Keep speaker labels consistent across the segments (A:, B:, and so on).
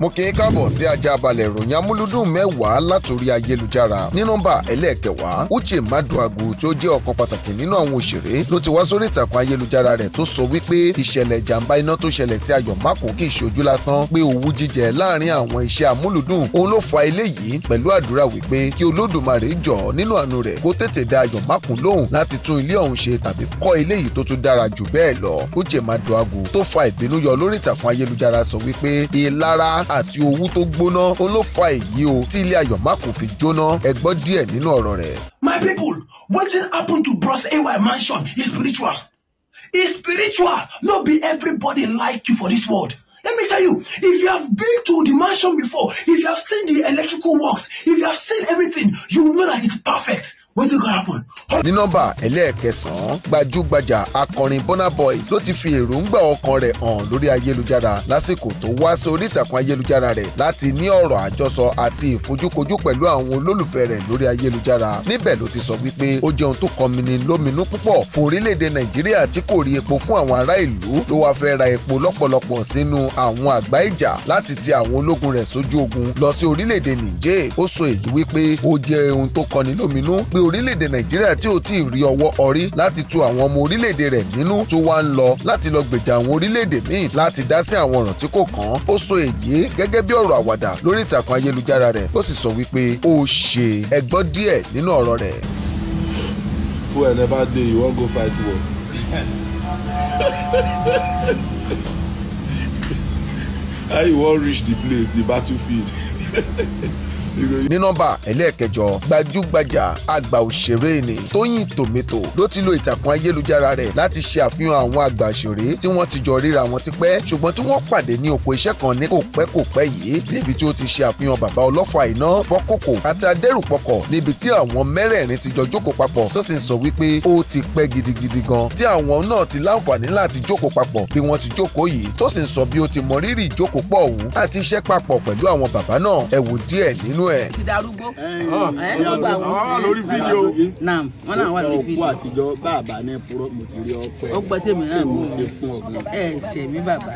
A: mo kì í káàbọ̀ sí ajá balẹ̀ ìròyìn amúlúdùn mẹ́wàá látòrí ayélujára ní nọ́mbà ẹlẹ́ẹ̀kẹwàá Uche Maduagu tí ó jẹ́ ọ̀kan pàtàkì nínú àwọn òṣèré ló ti wá sórí ìtàkùn ayélujára rẹ̀ tó sọ wípé ìṣẹ̀lẹ̀ ìjàmbá iná tó ṣẹlẹ̀ sí Ayọ̀ Mákò kì í ṣojú lásán pé òwú jíjẹ láàrin àwọn iṣẹ́ amúlùdùn òun ló fa eléyìí pẹ̀lú àdúrà wípé kí Olódùmarè jọ Uche Maduagu tó fa ìbínú yọ lórí ìtàkùn ayélujára sọ àti owú tó gbóná ó ló fa èyí o tí ilé Ayọ̀má kò fi jóná ẹ gbọ́ díẹ̀ nínú ọ̀rọ̀ rẹ̀. My people, wetin happen to Bros AY mansion is spiritual. It's spiritual. No be everybody like you for this world. Let me tell you, if you have been to the mansion before, if you have seen the electrical works, if you have seen everything, you will know that it's perfect wetin go happen. ní nọ́mbà ẹlẹ́ẹ̀kẹsàn-án gbajúgbajà akọrin Burna Boy ló ti fi èròǹgbà ọkàn rẹ̀ hàn lórí ayélujára lásìkò tó wá sí orí ìtàkùn ayélujára rẹ̀ láti ní ọ̀rọ̀ àjọsọ àti ìfojúkojú pẹ̀lú àwọn olólùfẹ́ rẹ̀ lórí ayélujára níbẹ̀ ló ti sọ wípé ó jẹun tó kọmini lóminú púpọ̀ fún orílẹ̀-èdè Nàìjíríà tí kò rí epo fún àwọn ará ìlú ló wáá fẹ́ ra epo lọ́pọ̀lọpọ̀ sínú àwọn àgbá ìjà láti ti àwọn ológun rẹ̀ sójú ogun lọ sí orílẹ̀-èdè Niger ó sọ èyí wípé ó jẹ ohun tó kọni lóminú pé gbé orílẹ̀-èdè nàìjíríà tí ò tí ì rí ọwọ́ ọrí láti tu àwọn ọmọ orílẹ̀-èdè rẹ̀ nínú tó wá ń lọ láti lọ gbèjà àwọn orílẹ̀-èdè míì láti dá sí àwọn ọ̀ràn tí kò kàn ó sọ èyí gẹ́gẹ́ bí ọ̀rọ̀ àwàdà lórí ìtàkùn ayélujára rẹ̀ ó sì sọ wípé ó ṣe ẹ gbọ́ díẹ̀ nínú ọ̀rọ̀ rẹ̀. never dey you wan go fight war. how you wan reach the place the battlefield. ní nọ́mbà ẹlẹ́ẹ̀kẹjọ gbajúgbajà àgbà òṣèré ni tóyìn tòmẹ́tò ló ti lo ìtàkùn ayélujára rẹ̀ láti ṣe àfihàn àwọn àgbà òṣèré tí wọ́n ti jọ ríra wọn ti pẹ́ ṣùgbọ́n tí wọ́n pàdé ní oko iṣẹ́ kan ní kò pẹ́ kò pẹ́ yìí níbi tí ó ti ṣe àfihàn bàbá ọlọ́fà iná fọ́kòkò àti adẹ́rùpọ̀kọ̀ níbi tí àwọn mẹ́rẹ̀ẹ̀rin ti jọ jókòó papọ̀ tó sì ń sọ wípé ó ti pẹ́ gidigidi gan tí àwọn náà ti láǹfààní láti jókòó papọ̀ bí wọ́n ti jókòó yìí tó sì sọ bí ó ti mọ rírì ìjókòó pọ̀ ọ̀hún àti iṣẹ́ papọ̀ pẹ̀lú àwọn bàbá náà ẹ díẹ̀ nínú nínú ẹ̀. ti darúgbó ẹ gbogbo àwọn ọmọ lórí fídíò. naam wọn náà wà lórí fídíò. òkú àtijọ́ bàbá ní púrọ́ mo ti rí ọpẹ. ọgbọ́n tèmi náà mo ṣe fún ọgbọ́n. ẹ ṣe mí bàbá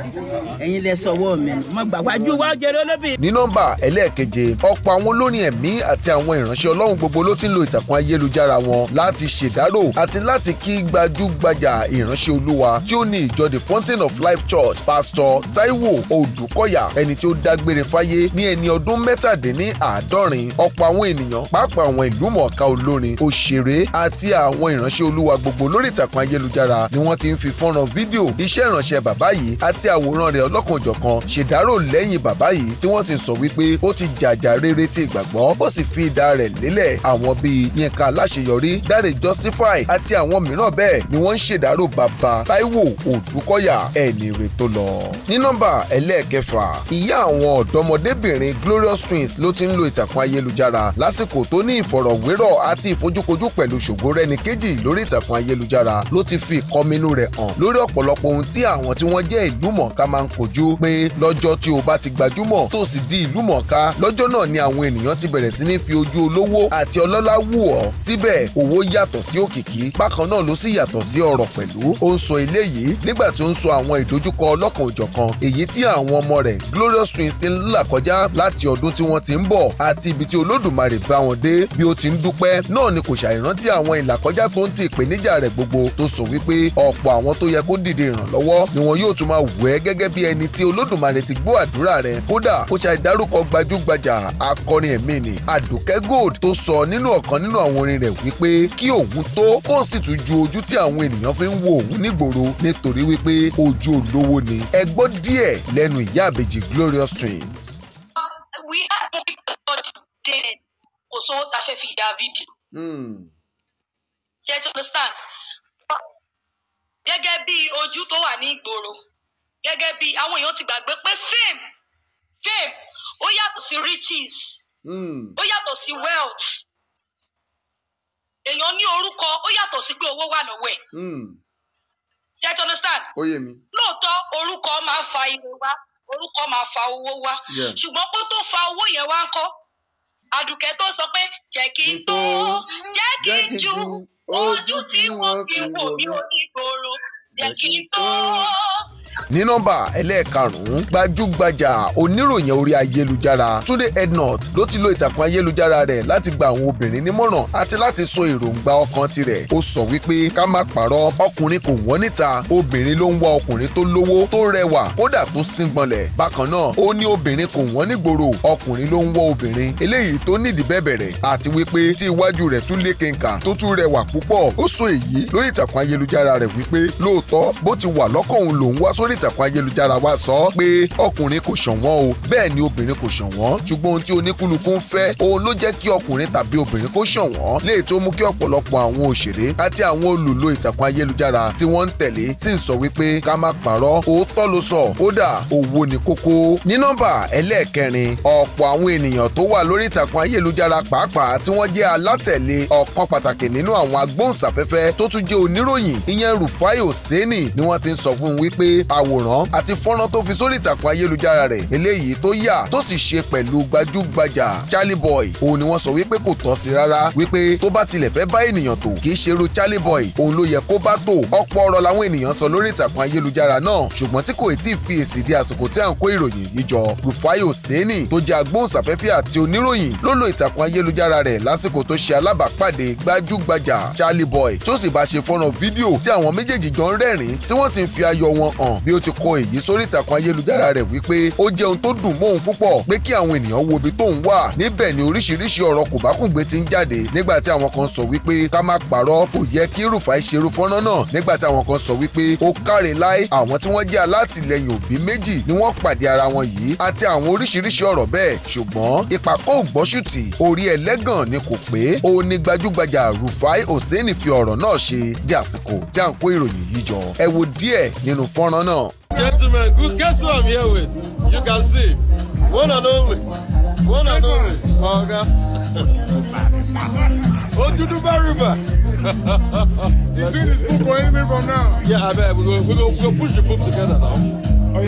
A: ẹ̀yin lẹ sọwọ́ mi mo gbà wájú wá jẹrẹ olóbì. ní nọ́mbà ẹlẹ́ẹ̀keje ọ̀pọ̀ àwọn olórin ẹ̀mí àti àwọn ìránṣẹ́ ọlọ́run gbogbo ló ti ń lo ìtàkùn ayélujára wọn láti ṣèdárò àti láti kí gbajúgbajà ìránṣẹ́ olúwa tí ó ní ìjọ the fountain of life church pastor taiwo Odukoya. ẹni tí ó dágbére fáyé ní ẹni ọdún mẹ́tàdínní à àádọ́rin ọ̀pọ̀ àwọn ènìyàn pàápàá àwọn ìlú mọ̀ọ́ká olórin òṣèré àti àwọn ìránṣẹ́ olúwa gbogbo lórí ìtàkùn ayélujára ni wọ́n ti ń fi fọ́nrán fídíò iṣẹ́ ìránṣẹ́ bàbá yìí àti àwòrán rẹ̀ ọlọ́kanòjọ̀kan ṣèdárò lẹ́yìn bàbá yìí tí wọ́n ti sọ wípé ó ti jàjà rere ti ìgbàgbọ́ ó sì fi idà rẹ̀ lélẹ̀ àwọn bíi Yínká Aláṣeyọrí Dáre Justify àti àwọn mìíràn bẹ́ẹ̀ ni wọ́n ń ṣèdárò bàbá Táíwò Òdúkọ̀yà ẹni rè tó lọ. ní nọ́mbà ẹlẹ́ẹ̀kẹfà ìyá àwọn ọ̀dọ́mọdébìnrin Glorious Twins ló ti ń lo ìlò ìtàkùn ayélujára lásìkò tó ní ìfọ̀rọ̀wérọ̀ àti ìfojúkojú pẹ̀lú Ṣògorẹ́nìkejì lórí ìtàkùn ayélujára ló ti fi ìkọminú rẹ̀ hàn lórí ọ̀pọ̀lọpọ̀ ohun tí àwọn tí wọ́n jẹ́ ìlúmọ̀ọ́ká máa ń kojú pé lọ́jọ́ tí o bá ti gbajúmọ̀ tó sì di ìlúmọ̀ọ́ká lọ́jọ́ náà ni àwọn ènìyàn ti bẹ̀rẹ̀ sí ní fi ojú olówó àti ọlọ́lá wù ọ́ síbẹ̀ owó yàtọ̀ sí òkìkí bákan náà ló sì yàtọ̀ sí ọ̀rọ̀ pẹ̀lú ó ń sọ eléyìí nígbà tó ń sọ àwọn ìdojúkọ ọlọ́kan èyí tí àwọn ọmọ rẹ̀ Glorious Twins ti ń là kọjá láti ọdún tí wọ́n ti ń bọ̀ àti ibi tí olódùmarè bá wọn dé bí ó ti ń dúpẹ́ náà ni kò ṣàìrántí àwọn ìlàkọjá tó ń ti ìpèníjà rẹ̀ gbogbo tó sọ wípé ọ̀pọ̀ àwọn tó yẹ kó dìde ìrànlọ́wọ́ ni wọn yóò tún máa wẹ̀ gẹ́gẹ́ bí ẹni tí olódùmarè ti gbọ́ àdúrà rẹ̀ kódà kó ṣàìdárúkọ gbajúgbajà akọrin ẹ̀mí ni àdùkẹ́ gold tó sọ nínú ọ̀kan nínú àwọn orin rẹ̀ wípé kí òun tó kó sì tún ju ojú tí àwọn ènìyàn fi ń wo òun nígboro nítorí wípé ojú olówó ni ẹ gbọ́ díẹ̀ lẹ́nu ìyá àbèjì Glorious Twins. sówó tá a fi ya fídíò. ṣé you understand? gẹ́gẹ́ bí ojú tó wà ní ìgboro gẹ́gẹ́ bí àwọn èèyàn ti gbàgbé pé fame fame ó yàtọ̀ sí riches hmm. ó yàtọ̀ sí wealth èèyàn ní orúkọ ó yàtọ̀ sí pé owó wà lọ́wọ́ ẹ̀ ṣé hmm. you understand? ó yé mi. lóòótọ́ orúkọ máa fa ire wá orúkọ máa fa owó wá ṣùgbọ́n kó tó fa owó yẹn wá ń kọ́ àdùkẹ́ tó sọ pé jẹ́ kí n tó jẹ́ kí n ju ojú tí wọ́n fi wò mí onígboro jẹ́ kí n tó ní nọ́mbà ẹlẹ́ẹ̀karùn-ún gbajúgbajà oníròyìn orí ayélujára Túndé Ednot ló ti lo ìtàkùn ayélujára rẹ̀ láti gba àwọn obìnrin nímọ̀ràn àti láti so èròǹgbà ọkàn tirẹ̀ ó sọ wípé ká má parọ́ ọkùnrin kò wọ́n níta obìnrin ló ń wá ọkùnrin tó lówó tó rẹwà kódà tó síngbọnlẹ̀ bákan náà ó ní obìnrin kò wọ́n nígboro ọkùnrin ló ń wọ́ obìnrin eléyìí tó nídìí bẹ́ẹ̀ bẹ̀rẹ̀ àti wípé tí iwájú rẹ̀ tún lékenkà tó tún rẹwà púpọ̀ ó sọ èyí lórí ìtàkùn ayélujára rẹ̀ wípé lóòótọ́ bó ti wà lọ́kàn òun lòún wá só sórí ìtàkùn ayélujára wa sọ pé ọkùnrin kò ṣọ̀wọ́n o bẹ́ẹ̀ ni obìnrin kò ṣọ̀wọ́n ṣùgbọ́n ohun tí oníkúlùkù ń fẹ́ òun ló jẹ́ kí ọkùnrin tàbí obìnrin kó ṣọ̀wọ́n léè tó mú kí ọ̀pọ̀lọpọ̀ àwọn òṣèré àti àwọn olùlò ìtàkùn ayélujára tí wọ́n ń tẹ̀lé sì ń sọ wípé ká má parọ́ òótọ́ ló sọ kódà owó ni kókó ní nọ́mbà ẹlẹ́ẹ̀kẹrin ọ̀pọ̀ àwọn ènìyàn tó wà lórí ìtàkùn ayélujára pàápàá tí wọ́n jẹ́ alátẹ̀lé ọ̀kan pàtàkì nínú àwọn agbóhùnsáfẹ́fẹ́ tó tún jẹ́ oníròyìn ìyẹn Rufai Oseni ni wọ́n ti ń sọ fún un wípé àwòrán àti fọ́nrán tó fi sórí ìtàkùn ayélujára rẹ̀ eléyìí tó yà tó sì ṣe pẹ̀lú gbajúgbajà Charlie Boy òun ni wọ́n sọ wípé kò tọ́ sí rárá wípé tó bá tilẹ̀ fẹ́ bá ènìyàn tò kì í ṣe irú Charlie Boy òun ló yẹ kó bá tò ọ̀pọ̀ ọ̀rọ̀ làwọn ènìyàn sọ lórí ìtàkùn ayélujára náà ṣùgbọ́n tí kò tí ì fi èsì di àsìkò tí à ń kó ìròyìn yìí jọ Rufai Oseni tó jẹ́ agbóhùnsáfẹ́fẹ́ àti oníròyìn ló lo ìtàkùn ayélujára rẹ̀ lásìkò tó ṣe alábàápàdé gbajúgbajà Charlie Boy tó sì bá ṣe fọ́nrán fídíò tí àwọn méjèèjì jọ ń rẹ́rìn-ín tí wọ́n sì ń fi ayọ̀ wọn hàn bí ó ti kọ èyí sórí ìtàkùn ayélujára rẹ̀ wípé ó jẹ́ ohun tó dùn mọ́ òun púpọ̀ pé kí àwọn ènìyàn wo ibi tóun wà níbẹ̀ ni oríṣiríṣi ọ̀rọ̀ kòbákùngbé ti ń jáde nígbà tí àwọn kan sọ wípé ká má parọ́ kò yẹ kí Rúfáì ṣerú fọ́nrán náà nígbà tí àwọn kan sọ wípé ó káre láì àwọn tí wọ́n jẹ́ alátìlẹyìn òbí méjì ni wọ́n pàdé ara wọn yìí àti àwọn oríṣiríṣi ọ̀rọ̀ bẹ́ẹ̀ ṣùgbọ́n ìpàkọ́ orí ẹlẹ́gàn ni kò pé ó ní gbajúgbajà Rúfáì Hòsẹ́nì fi ọ̀rọ̀ náà ṣe di àsìkò tí à ń kó ìròyìn yìí jọ ẹ wo díẹ̀ nínú fọ́nrán Gentlemen, good, guess who I'm here with? You can see. One and only. One and only. Oga. Odudu Bariba. He's doing his book or anything from now. Yeah, I bet. We're going to push the book together now. Oh,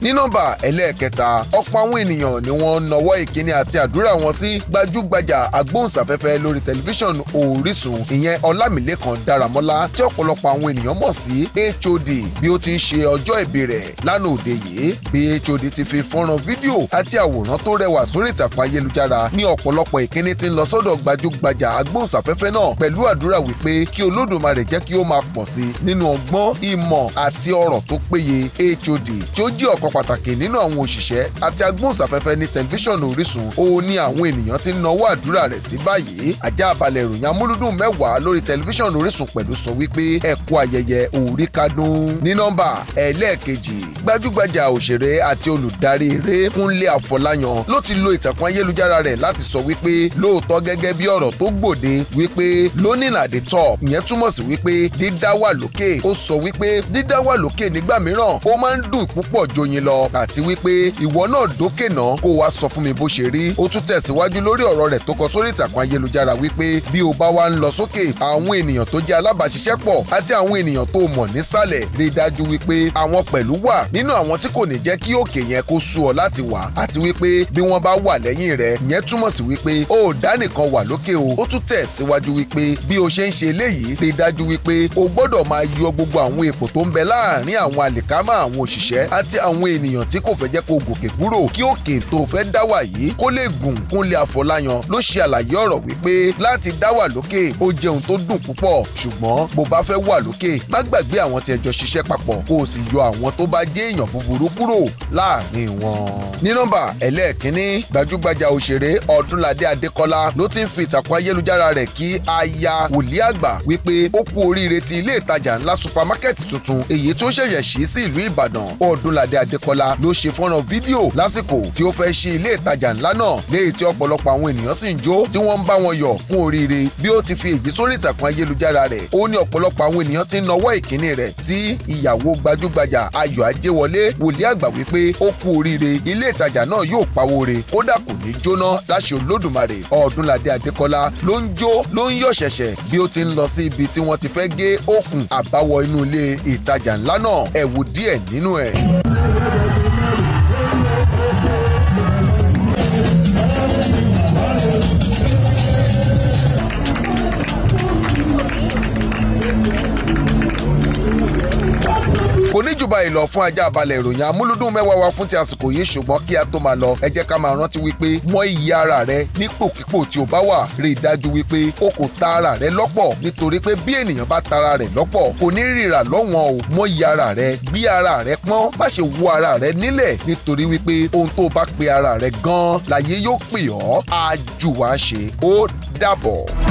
A: ní nọ́mbà ẹlẹ́ẹ̀kẹta ọ̀pọ̀ àwọn ènìyàn ni wọ́n nawọ́ ìkíni àti àdúrà wọn sí gbajúgbajà agbóhùnsáfẹ́fẹ́ lórí tẹlifíṣàn Orísun ìyẹn Ọlámilẹ́kan Dáramọ́lá tí ọ̀pọ̀lọpọ̀ àwọn ènìyàn mọ̀ sí HOD bí ó ti ń ṣe ọjọ́ ìbí rẹ̀ lánàá òde yìí bí HOD ti fi fọ́nrán fídíò àti àwòrán tó rẹwà sórí ìtàkùn ayélujára ní ọ̀pọ̀lọpọ̀ ìkíni ti ń lọ sọ́dọ̀ gbajúgbajà agbóhùnsáfẹ́fẹ́ náà pẹ̀lú àdúrà wípé kí Olódùmarè jẹ́ kí ó máa pọ̀ sí nínú ọgbọ́n ìmọ̀ àti ọ̀rọ̀ tó tó péye HOD tí ó jẹ́ ọ̀kan pàtàkì nínú àwọn òṣìṣẹ́ àti agbóhùnsáfẹ́fẹ́ ní tẹlifíṣàn Orísun òun ni àwọn ènìyàn ti nawọ́ àdúrà rẹ̀ sí báyìí ajá balẹ̀ ìròyìn amúlùdùn mẹ́wàá lórí tẹlifíṣàn Orísun pẹ̀lú sọ wípé ẹ ayẹyẹ òórí kádùn ní nọ́mbà ẹlẹ́ẹ̀kejì gbajúgbajà òṣèré àti olùdarí eré Kúnlé Àfọláyàn ló ti lo ìtàkùn ayélujára rẹ̀ láti sọ wípé lóòótọ́ gẹ́gẹ́ bí ọ̀rọ̀ tó gbòde wípé lónìí the top ìyẹn nígbà mìíràn ó máa ń dùn púpọ̀ joyin lọ àti wípé ìwọ náà dókè náà kó wá sọ fún mi bó ṣe rí ó tún tẹ̀síwájú lórí ọ̀rọ̀ rẹ̀ tó kọ sórí ìtàkùn ayélujára wípé bí o bá wá ń lọ sókè àwọn ènìyàn tó jẹ́ alábàáṣiṣẹ́pọ̀ àti àwọn ènìyàn tó mọ̀ nísàlẹ̀ rí dájú wípé àwọn pẹ̀lú wà nínú àwọn tí kò ní jẹ́ kí òkè yẹn kó sú ọ láti wà àti wípé bí wọ́n bá wà lẹ́yìn rẹ̀ yẹn túmọ̀ sí wípé o ò dá nìkan wà lókè o ó tún tẹ̀ síwájú wípé bí o ṣe ń ṣe eléyìí rí dájú wípé o gbọ́dọ̀ máa yọ gbogbo àwọn èpò tó ń bẹ láàárín àwọn àwọn àlìkámà àwọn òṣìṣẹ́ àti àwọn ènìyàn tí kò fẹ́ jẹ́ kó gòkè kúrò kí òkè tó fẹ́ dá wà yìí kó lè gùn Kúnlé Afọláyan ló ṣe àlàyé ọ̀rọ̀ wípé láti dá wà lókè ó jẹ́ tó dùn púpọ̀ ṣùgbọ́n bó bá fẹ́ wà lókè má gbàgbé àwọn tí ẹ jọ ṣiṣẹ́ papọ̀ kó o sì yọ àwọn tó bá jẹ́ èèyàn búburú kúrò láàrin wọn. ní ṣẹ̀ sí sí ìlú Ìbàdàn Ọdúnládé Adékọlá ló ṣe fọ́nrán fídíò lásìkò tí ó fẹ́ ṣí ilé ìtajà ńlá náà léyìí tí ọ̀pọ̀lọpọ̀ àwọn ènìyàn sì ń jó tí wọ́n ń bá wọn yọ̀ fún oríire bí ó ti fi èyí sórí ìtàkùn ayélujára rẹ̀ ó ní ọ̀pọ̀lọpọ̀ àwọn ènìyàn ti ń nawọ́ ìkíní rẹ̀ sí ìyàwó gbajúgbajà Ayọ̀ Ajéwọlé wòlíì àgbà wípé ó kú oríire ilé ìtajà náà yóò pawó re kódà kò ní jóná láṣẹ Olódùmarè Ọdúnládé Adékọlá ló ń jó ló ń yọ̀ ṣẹ̀ṣẹ̀ bí ó ti ń lọ sí ibi tí wọ́n ti fẹ́ gé okùn àbáwọ inú ilé ìtajà ńlá náà ẹ wo díẹ̀ nínú ẹ̀. báyìí lọ fún ajá balẹ̀ ìròyìn amúlùdùn mẹ́wàá wa fún ti àsìkò yìí ṣùgbọ́n kí a tó máa lọ ẹ jẹ́ ká máa rántí wípé mọ iyì ara rẹ nípòkípò tí o bá wà rí i dájú wípé o kò ta ara rẹ lọ́pọ̀ nítorí pé bí ènìyàn bá tara rẹ̀ lọ́pọ̀ kò ní rírà lọ́wọ́n o mọ iyì ara rẹ gbé ara rẹ pọ́n má ṣe wo ara rẹ nílẹ̀ nítorí wípé ohun tó bá pe ara rẹ gan-an láyé yóò pè ọ́ àjùwà ṣe ó dàbọ̀.